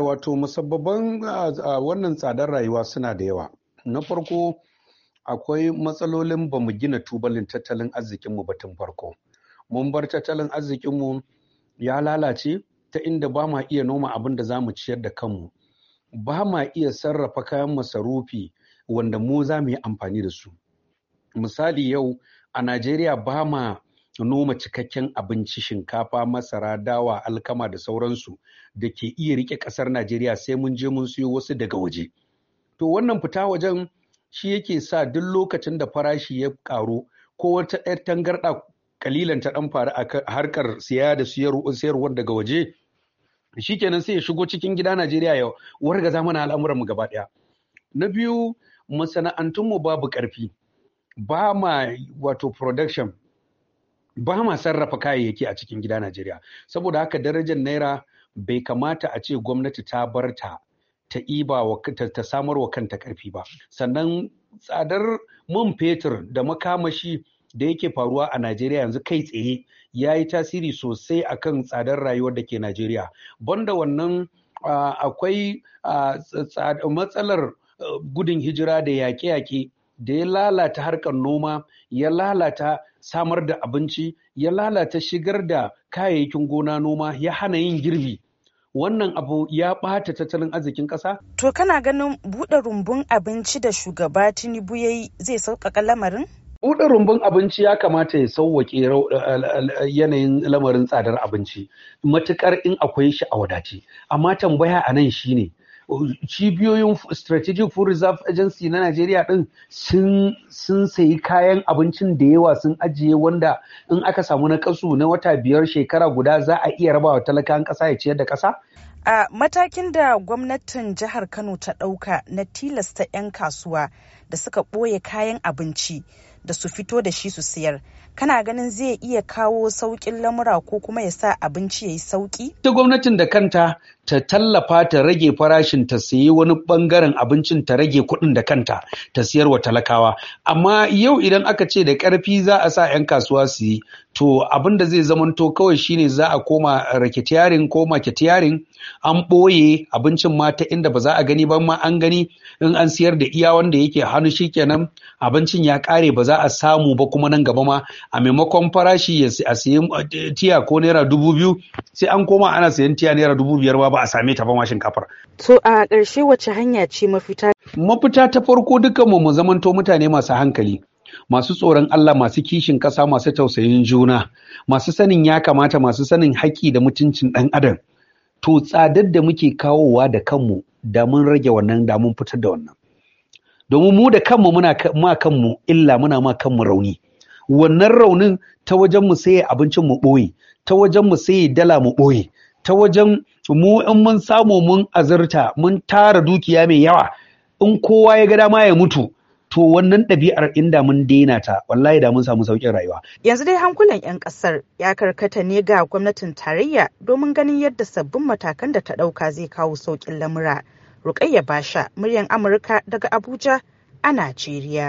wato musabbaban a wannan tsadar rayuwa suna da yawa na farko akwai matsalolin ba mu gina tubalin tattalin arzikinmu ba tun farko mun bar tattalin arzikinmu ya lalace ta inda ba ma iya noma abin da za mu ciyar da kanmu ba ma iya sarrafa kayan masarufi wanda mu za mu yi amfani da su misali yau a najeriya ba ma noma cikakken abinci shinkafa masara dawa alkama da sauransu da ke iya rike ƙasar najeriya sai mun je mun siyo wasu daga waje to wannan fita wajen shi yake sa duk lokacin da farashi ya karu ko wata yar tangarɗa kalilan ta ɗan faru a harkar siya da siyarwar daga waje shikenan sai ya shigo cikin gida najeriya ya wargaza mana al'amuran mu gaba ɗaya na biyu masana'antunmu babu ƙarfi ba ma wato production ba ma sarrafa kayayyaki a cikin gida Najeriya saboda haka darajar naira bai kamata a ce gwamnati ta bar ta ta iba wa ta samar wa kanta karfi ba sannan tsadar man fetur da makamashi da yake faruwa a Najeriya yanzu kai tsaye ya yi tasiri sosai akan tsadar rayuwar da ke Najeriya banda wannan akwai matsalar eh, gudun hijira da yaƙe-yaƙe da ya lalata harkar noma ya lalata samar da abinci ya lalata shigar da kayayyakin gona noma ya hana yin girbi wannan abu ya ɓata tattalin arzikin ƙasa? To kana ganin buɗe rumbun abinci da shugaba Tinubu ya yi zai sauƙaƙa lamarin? Buɗe rumbun abinci ya kamata ya sauwaƙe yanayin lamarin tsadar abinci, matuƙar in akwai shi a wadace. Amma tambaya a nan shine Oh, cibiyoyin strategic food reserve agency na najeriya din sun sayi kayan abincin da yawa sun ajiye wanda in aka samu na kasu na wata biyar shekara guda za a iya rabawa talakan kasa ya ciyar da kasa a matakin da gwamnatin jihar kano ta ɗauka na tilasta 'yan kasuwa da suka ɓoye kayan abinci da su fito da shi su siyar kana ganin zai iya kawo saukin lamura ko kuma ya sa abinci ya yi sauƙi? ta gwamnatin da kanta ta tallafa ta rage farashin ta sayi wani bangaren abincin ta rage kuɗin da kanta ta siyar wa talakawa amma yau idan aka ce da ƙarfi za a sa 'yan kasuwa su yi to abin da zai zamanto kawai shine za a koma raketiyarin ko maketiyarin an ɓoye abincin ma ta inda ba za a gani ba ma an gani in an siyar da iya wanda yake hannu shikenan abincin ya ƙare ba za za a samu ba kuma nan gaba ma a maimakon farashi ya a sayi eh, tiya ko naira dubu biyu sai an koma ana sayan tiya naira dubu biyar ba a same ta ba mashin shinkafar. To a ƙarshe wace hanya ce mafita? Mafita ta farko dukkan mu zamanto mutane masu hankali. masu tsoron Allah masu kishin ƙasa masu tausayin juna masu sanin ya kamata masu sanin haƙƙi da mutuncin ɗan adam to tsadar da muke kawowa da kanmu da mun rage wannan da mun fitar da wannan domin mu da kanmu muna ma kanmu illa muna ma kanmu rauni wannan raunin ta wajen mu sai abincin mu boye ta wajen mu sai dala mu boye ta wajen mu in mun samu mun azurta mun tara dukiya mai yawa in kowa ya ga dama ya mutu to wannan ɗabi'ar inda mun daina ta wallahi da mun samu sauƙin rayuwa. Yanzu dai hankulan 'yan ƙasar ya karkata ne ga gwamnatin tarayya domin ganin yadda sabbin matakan da ta ɗauka zai kawo sauƙin lamura. Rukayya Basha, muryar Amurka daga Abuja a Najeriya.